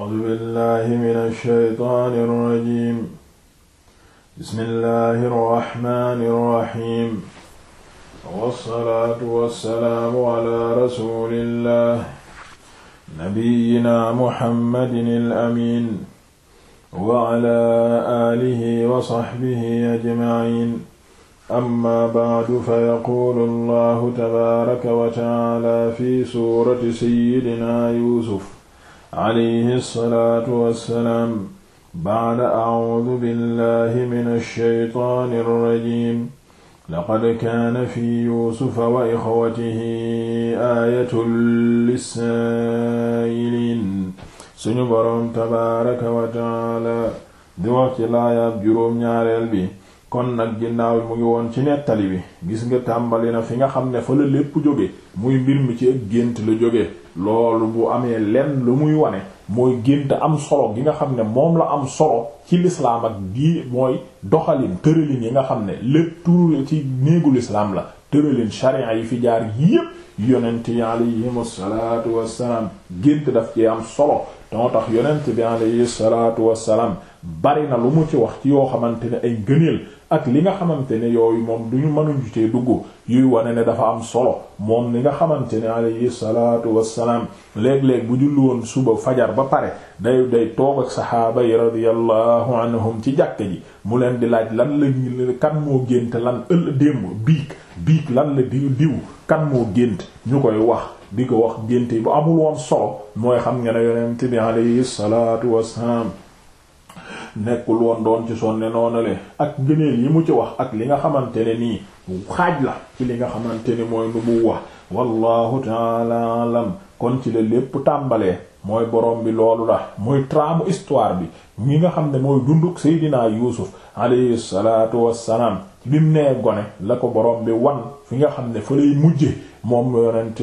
A'uuzu billaahi mina shaytaani rajiim. Bismillaahi rahmaani rahiim. Wassalaatu wassalaamu alaa rasuulillaah. Nabiyyinaa Muhammadin al-amiin. Wa alaa aalihi wa sahbihi ajma'iin. Ammaa ba'du fayaquulu Allaahu tabaaraka wa ta'aalaa fi suurati sayyidinaa Yuusuf. alayhi salaatu wassalaam ba'da a'uudu billahi minash shaytaanir rajiim laqad kaana fi yuusufa wa ixwatihi aayatun lissaa'iliin suñu boroom tabaaraka wa ta'aala di wax ci laayaab juróom ñaareel bi kon nag ginnaaw mu ngi woon ci nettali bi gis nga tàmbali na fi nga xam ne fa la lépp jóge muy mbir mi ci ak gént la jóge loolu bu amee lenn lu muy wane mooy gént am solo gi nga xam ne moom la am solo ci lislaam ak gi mooy doxalin tëralin yi nga xam ne lépp tuur ci néegu lislaam la tëralin sharia yi fi jaar yépp yonent yi alayhimu salaatu wassalaam gént daf ci am solo moo tax yonent bi alayhi salaatu wassalaam bari na lu mu ci wax ci yoo xamante ni ay ngëneel ak li nga xamante ne yooyu moom duñu mënuñu ci dugg yuy wane ne dafa am solo moom li nga xamante ne alayhi salaatu wassalaam léeg-léeg bu julli woon suba fajar ba pare day day toog ak saxaaba yi radiyallahu anhum ci jàkka ji mu leen di laaj lan la kan moo gént lan ëll démb biig biig lan la diw diw kan moo gént ñu koy wax bi ko wax gént yi bu amul woon solo mooy xam nga ne yonent bi alayhi salaatu wassalaam nekkul woon doon ci sonne noonale ak gëneel yi mu ci wax ak li nga xamante ne nii xaaj la ci li nga xamante ne mooy nubuwa wax taala alam kon ci la lépp tàmbalee mooy borom bi loolu la mooy traamu histoire bi ñi nga xam ne mooy dunduk Seydina Yuusuf alayhi salaatu wassalaam bi mu nee gone la ko borom bi wan fi nga xam ne fa lay mujje moom yonent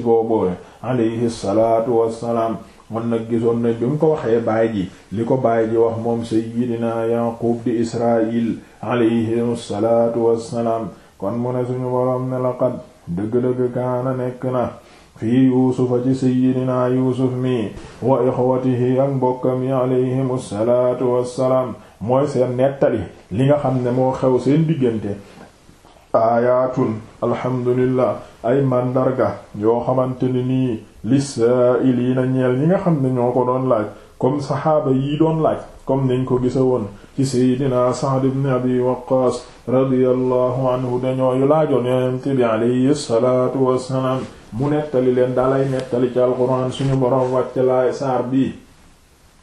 alayhi salaatu wassalaam moom nag gisoon nañ bi mu ko waxee baay ji li ko baay ji wax moom sayyidina yaqub di israil alayhi salaatu wassalaam kon mu ne suñu boroom ne laqad dëgg-dëgg kaana nekk na fii yuusufa ci sayyidina yuusuf mi wa ixwatihi ak mbokkam yi alayhim salaatu wassalaam mooy seen nettali li nga xam ne moo xew seen diggante aayatun alhamdulillah ay mandarga yoo xamante ne nii lis-sa'ilina ñeel ñi nga xam ne ñoo ko doon laaj comme saxaaba yii doon laaj comme niñ ko gisa woon ci seydina Sa'd ibn Abi Waqqas radiyallahu anhu dañooyu laajoon yonent bi alayhi salaatu wassalaam mu nettali leen daalay nettali ci alquran suñu borom wàcc laay saar bi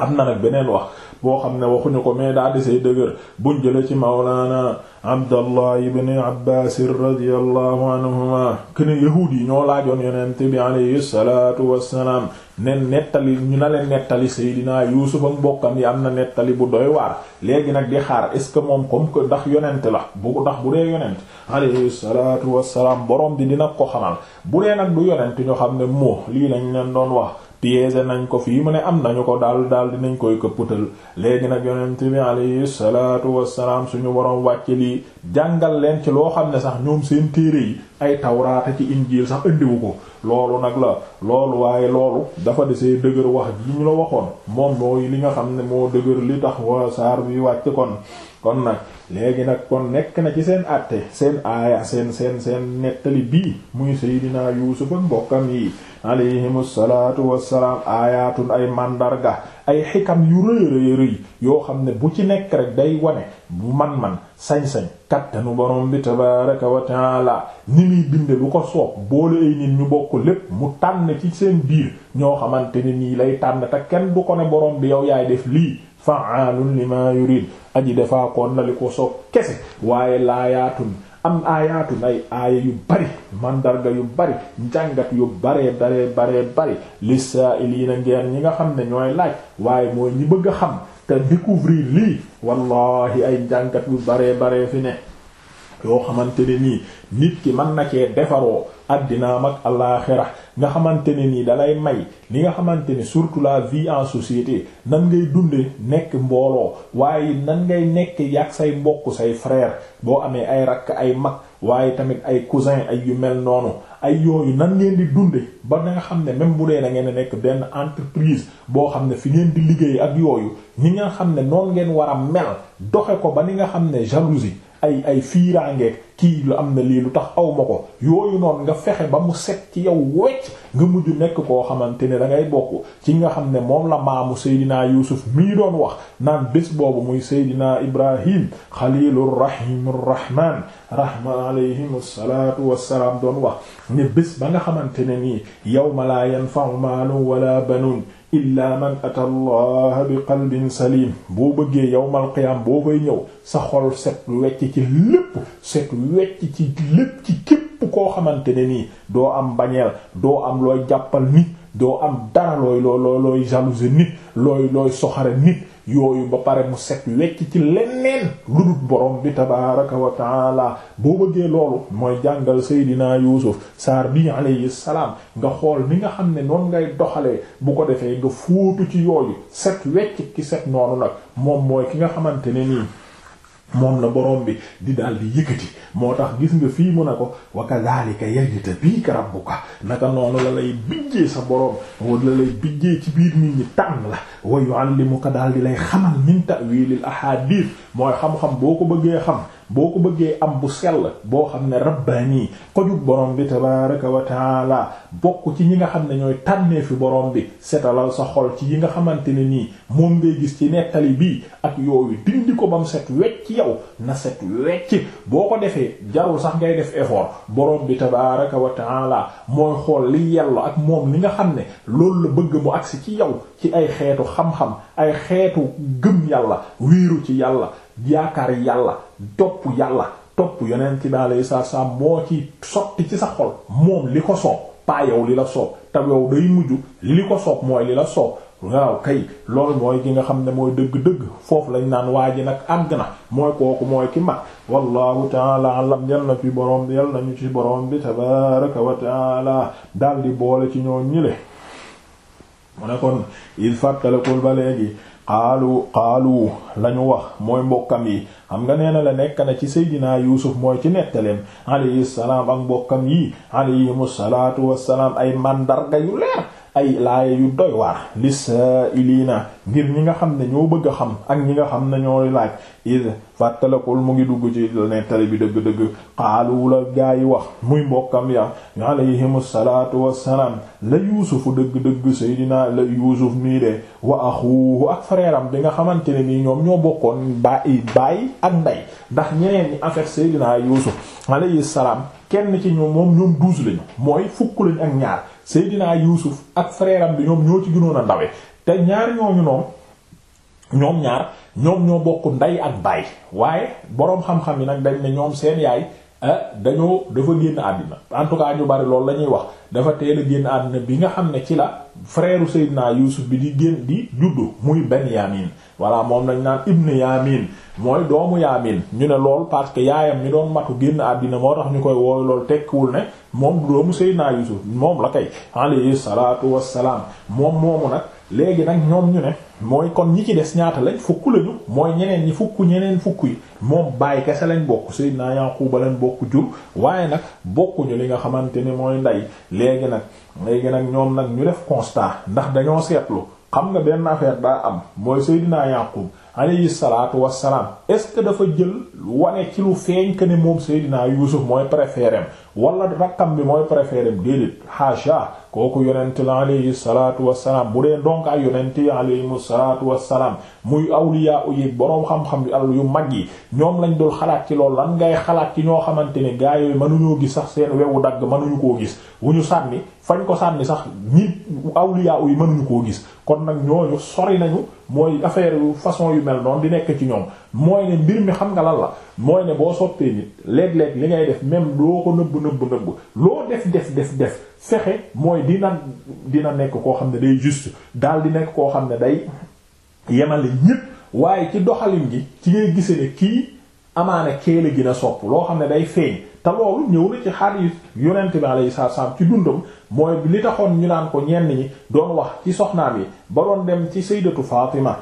am na nag beneen wax boo xam ne waxuñu ko mais daa desee dëgër buñ jële ci mawlaana abdallah ibn abbaas radiyallahu anhuma kene yahuud yi ñoo laajoon yonent bi alayhi salaatu wassalaam ne nettali ñu na leen nettali seydinaa yuusuf ak mbokkam yi am na nettali bu doy waar léegi nag di xaar est ce que moom comme que ndax yonent la bu ndax bu dee yonent alayhi salaatu wassalaam boroom di dina ko xamal bu dee nag du yonent ñu xam ne moo lii lañ leen doon wax piéger nañ ko fii mu ne am nañu ko daal daal dinañ koy këppatal léegi nag yonent bi alayhi salaatu wassalaam suñu waroon wàcce lii jàngal leen ci loo xam ne sax ñoom seen téere yi ay tawraata ci injiil sax indiwu ko loolu nag la loolu waaye loolu dafa desee dëgër wax ji ñu la waxoon moom mooy li nga xam ne moo dëgër li tax waa saar bi wàcc kon kon nag léegi nag kon nekk na ci seen àtte seen aaya seen seen seen nettali bii muy seydinaa yuusuf ak mbokkam yi alayhimu salaatu wassalaam aayatun ay màndarga ay xikam yu rëy rëy yoo xam ne bu ci nekk rek day wane bu man-man sañ-sañ kattanu borom bi tabaraka wa taala ni muy binde lu ko soob boole ay nit ñu bokk lépp mu tànn ci seen biir ñoo xamante ne nii lay tànn te kenn du ko ne borom bi yow yaay def lii fa'aalun lima yurid aji defaa koon na li ko soob kese waaye laayaatun am aayaatu nay aaya yu bari mandarga yu bari njàngat yu baree baree baree bari lissaa'iliina ngeen ñi nga xam ne ñooy laaj waaye mooy ñi bëgg a xam te découvrir lii wallahi ay njàngat yu baree baree fi ne yoo xamante ne nii nit ki man na cee defaroo addinaam mag àllaaxira nga xamante ne nii dalay may li nga xamante ni surtout la vie en société nan ngay dunde nekk mbooloo waaye nan ngay nekk yàgg say mbokk say frère boo amee ay rakk ay mag waaye tamit ay cousin ay yu mel noonu ay yooyu nan ngeen di dunde ba nga xam ne même bu dee da ngeen nekk benn entreprise boo xam ne fi ngeen di liggéey ak yooyu ñi nga xam ne noon ngeen war a mel doxe ko ba ni nga xam ne jalousie ay ay fiiraangeeg kii lu am na lii lu tax aw ma ko yooyu noonu nga fexe ba mu set ci yow wecc nga mujj nekk koo xamante ne da ngay bokk ci nga xam ne moom la maamu Seydina Yuusuf mii doon wax naan bés boobu muy Seydina Ibrahim xalilur rahimur rahman rahma alayhim salaatu wassalaam doon wax ne bés ba nga xamante ne nii yawma laa yanfa'u maalun wala banuun illaa man ata allah bi qalbin salim boo bëggee yowmal qiyaam boo koy ñëw sa xol set wecc ci lépp set wecc ci lépp ci képp koo xamante ne nii doo am bañeel doo am looy jàppal nit doo am dara looy loo looy jalouse nit looy looy soxare nit yooyu ba pare mu set wecc ci leneen lu dul borom bi tabaaraka wa taala boo bëggee loolu mooy jàngal Seydina Yuusuf saar bi alayhi salaam nga xool ni nga xam ne noon ngay doxalee bu ko defee nga fuutu ci yooyu set wecc ki set noonu nag moom mooy ki nga xamante ne nii moom la borom bi di daal di yëkkati moo tax gis nga fii mu ne ko wa kadhalika yajtabika rabbuka naka noonu la lay bijjee sa borom wala lay bijjee ci biir nit ñi tànn la wa yu'allimuka daal di lay xamal min ta'wilil ahadith mooy xam-xam boo ko bëggee xam boo ko bëggee am bu sell boo xam ne rabbaani nii jug borom bi tabaaraka wa bokk ci ñi nga xam ne ñooy tànnee fi borom bi setalal sa xol ci yi nga xamante ne nii moom ngay gis ci nettali bii ak yooyu dindi ko ba mu set wecc yow na set wecc boo ko defee jarul sax ngay def effort borom bi tabaaraka wa taala mooy xool li yellu ak moom li nga xam ne loolu la bëgg mu agsi ci yow ci ay xeetu xam-xam ay xeetu gëm yàlla yàlla yaakaar yàlla topp yàlla topp yonent bi alayhi saa salaam moo ci sotti ci sa xol moom li ko soob pas yow li la soob te yow day mujj li ko soob mooy li la soob waaw kay loolu mooy ki nga xam ne mooy dëgg-dëgg foofu lañ naan waa ji nag àgg na mooy kooku mooy ki mag wallahu taala alam yal na fi borom bi na ñu ci boroom bi tabaraka wa taala daal di boole ci ñoo ñile mu ne kon il fàttalikul ba léegi xaalu xaalu la ñu wax mooy mbokkam yi xam nga nee na la nekk na ci seydinaa yuusuf mooy ci nettaleem alayhi salaam ak mbokkam yi alayhimu salaatu salaam ay mandarga yu leer ay laaya yu doy waar lis-saa'iliina ngir ñi nga xam ne ñoo bëgg a xam ak ñi nga xam ne ñoo laaj id fàttalakul mu ngi dugg ci la bi dëgg-dëgg xaalu la gaa yi wax muy mbokkam ya alayhim salaatu wassalaam la yuusufu dëgg-dëgg seydinaa la yuusuf nii de wa ak frère bi nga xamante ne nii ñoom ñoo bokkoon baay baay ak ndey ndax ñeneen ñi affaire seydinaa yuusuf alayhi salaam kenn ci ñoom moom ñoom douze lañu mooy fukk lañ ak ñaar Seydina Yuusuf ak frère am bi ñoom ñoo ci gënoon a ndawe te ñaar ñooñu noonu ñoom ñaar ñoom ñoo bokk ndey ak baay waaye boroom xam-xam yi nag dañ ne ñoom seen yaay eh, dañoo dafa génn àddina en tout cas ñu bari loolu lañuy wax dafa teel a génn àddina bi nga xam ne ci la frère Seydina Yuusuf bi di génn di juddu muy Benyamin voilà moom lañ naan ibn Yamin mooy doomu Yamin ñu ne lool parce que yaayam mi doon matu génn àddina moo tax ñu koy wooyu lool tekkiwul ne moom doomu Seydina Yusuf moom la kay alayhi salaatu wassalaam moom moomu nag léegi nag ñoom ñu ne mooy kon ñi ci des ñaata lañ fukk lañu mooy ñeneen ñi fukk ñeneen fukk yi moom bàyyi kese lañ bokk Seydina Yaquba lañ bokk jur waaye nag bokkuñu li nga xamante ni mooy ndey léegi nag léegi nag ñoom nag ñu def constat ndax dañoo seetlu xam nga benn affaire baa am mooy Seydina Yaqub alayhi salaatu wassalaam est-ce que dafa jël wane ci lu feeñ que ne moom Seydina Yuusuf mooy préféré wala rakkam bi mooy préféré déedéet haasha kooku yonent la alayhi salaatu wassalaam bu dee donc ay yonent yi alayhimu salaatu wassalaam muy awliya yi boroom xam-xam yu mag yi ñoom lañ dul xalaat ci loolu lan ngay xalaat ci ñoo xamante ne gaa yooyu mënuñoo gis sax seen wewu dagg mënuñu koo gis wu ñu sànni fañ ko sànni sax nit awliya yi mënuñu koo gis kon nag ñooñu sori nañu mooy affaire yu façon yu mel noonu di nekk ci ñoom mooy ne mbir mi xam nga lan la mooy ne boo soppee nit léeg-léeg li ngay def même doo ko nëbb nëbb nëbb loo def def def def fexe mooy dina dina nekk koo xam ne day juste daal di nekk koo xam ne day yemale ñépp waaye ci doxalin gi ci ngay gise ne kii amaana keele gën a sopp loo xam ne day feeñ te loolu ñëw na ci xadiis yonent bi alayhi salaam ci dundam mooy li taxoon ñu naan ko ñenn ñi doon wax ci soxnaam yi ba doon dem ci sayyidatu Fatima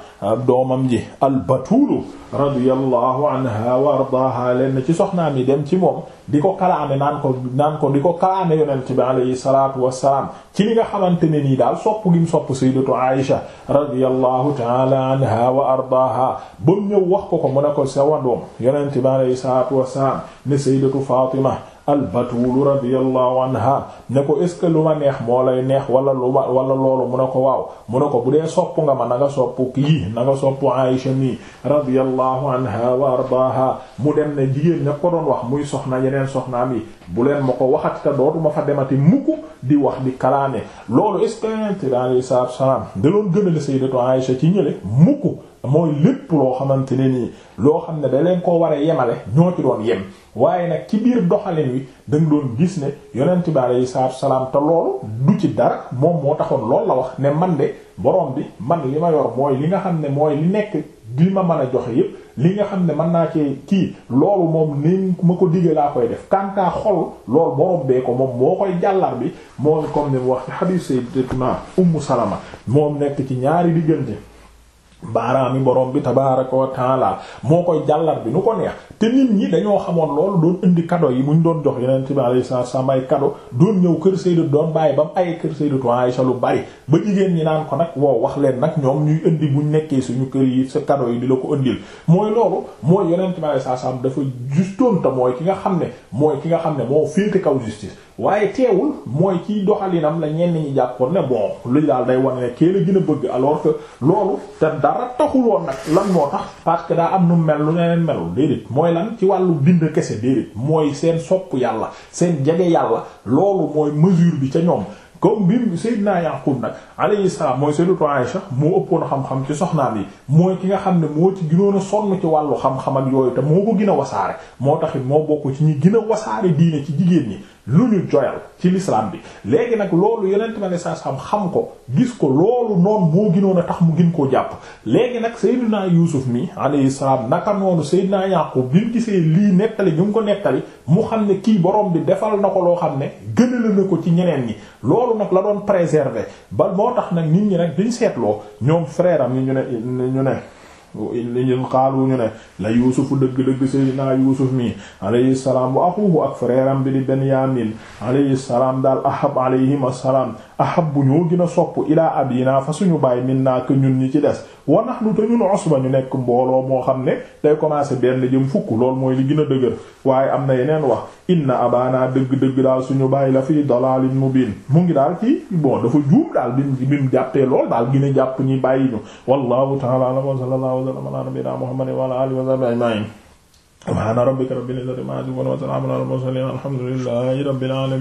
doomam ji al-Batulu radiyallahu anha wa ardaaha leen ci soxnaam yi dem ci moom di ko kalaame naan ko naan ko di ko kalaame yonent bi alayhi salaatu wassalaam ci li nga xamante ne nii daal sopp gi mu sopp sayyidatu Aisha radiyallahu ta'ala anha wa ardaaha ba mu wax ko ko mu ne ko sa wa doom yonent bi alayhi salaatu wassalaam ne sayyidatu Fatima albatuulu radiyallahu anha ne ko est-ce que lu ma neex moo lay neex wala lu ma wala loolu mu ne ko waaw mu ne ko bu dee sopp nga ma nanga nga sopp kii nanga nga sopp Aïsha nii radiyallahu anha wa ardaaha mu dem ne jigéen ña ko doon wax muy soxna yeneen soxna soxnaam yi bu leen ma ko waxat te dootuma fa demati mukk di wax di kalaane loolu est-ce que yonent bi alayhi salaatu wa salaam da doon gënale sayyidatu Aïsha ci ñële mukk mooy lépp loo xamante ni nii loo xam ne da leen koo war a yemale ñoo ci doon yem waaye nag ci biir doxalin wi da nga doon gis ne yonent bi aleyhi salaatu salaam te loolu du ci dara moom moo taxoon loolu la wax ne man de borom bi man li ma yor mooy li nga xam ne mooy li nekk di ma mën a joxe yépp li nga xam ne mën naa cee kii loolu moom ni ma ko diggee laa koy def kantaa xol loolu borom bee ko moom moo koy jàllar bi moom comme ni mu wax ci xadiis Sayyidatuna Ummu Salama moom nekk ci ñaari diggante. baaraami borom bi tabaaraka temps taala moo koy jàllar bi nu ko neex te nit ñi dañoo xamoon loolu doon indi kado yi mu muñ doon jox yeneen bi alayhi salaam ay kado doon ñëw kër Sayyida doon bàyyi ba mu ay kër Sayyidatu Aysa lu bari ba jigéen ñi naan ko nag wow wax leen nag ñoom ñuy indi buñ nekkee suñu kër yi sa kado yi di la ko indil mooy loolu mooy yeneen bi sa salaam dafa justoon te mooy ki nga xam ne mooy ki nga xam ne moo féete kaw justice waaye teewul mooy ciy doxalinam la ñenn ñi jàppoon ne bon lu daal day wane ne kee la gën a bëgg alors que loolu te dara taxul woon nag lan moo tax parce daa am nu mel lu neneen melul déedéet mooy lan ci wàllu bind kese déedéet mooy seen sopp yàlla seen jege yàlla loolu mooy mesure bi ca ñoom comme bi Seydina Yaqub nag alayhi salaam mooy Sayyidatu Aïsha moo ëppoon xam-xam ci soxnaam yi mooy ki nga xam ne moo ci gënoon a sonn ci wàllu xam-xam ak yooyu te moo ko gën a wasaare moo taxit moo bokk ci ñi gën a wasaare ci jigéen ñi lu ñu joyal ci lislaam bi léegi nag loolu yonent ma ne saa xam xam ko gis ko loolu noonu moo ginoon a tax mu gin koo jàpp léegi nag Seydina Yuusuf mi alayhi salaam naka noonu naa yàqu bi mu gisee lii nettali ñu ngi ko nettali mu xam ne kii borom bi defal na ko loo xam ne gënal na ko ci ñeneen ñi loolu nag la doon préserver ba moo tax nag nit ñi nag duñ seetloo ñoom freeram yi ñu ne ñu ne liñun xaaluñu ne la yuusufu dëgg-dëgg seydinaa yuusuf mi alayhi salaam wa axuhu ak frère am bi di benyamin alayhi salaam daal ahab alayhim assalaam ahabbu ñoo gën a sopp ilaa abina fa suñu baay minna que ñun ñi ci des wa nahnu te ñun usba ñu nekk mbooloo moo xam ne day commencé benn jëm fukk lool mooy li gën a dëgër waaye am na yeneen wax inna abaana dëgg-dëgg daal suñu baay la fii dalaalin mubiin mu ngi daal ci bon dafa juum daal bi mu jàppee lool daal gën a jàpp ñi bàyyi ñu wallahu ta'ala a'lam wa sallallahu wa sallama ala nabiyyina muhammadin wa ala alihi wa sahbihi ajma'in subhana rabbika rabbil izzati amma yasifun wa salamun ala al mursalin alhamdulillahi rabbil alamin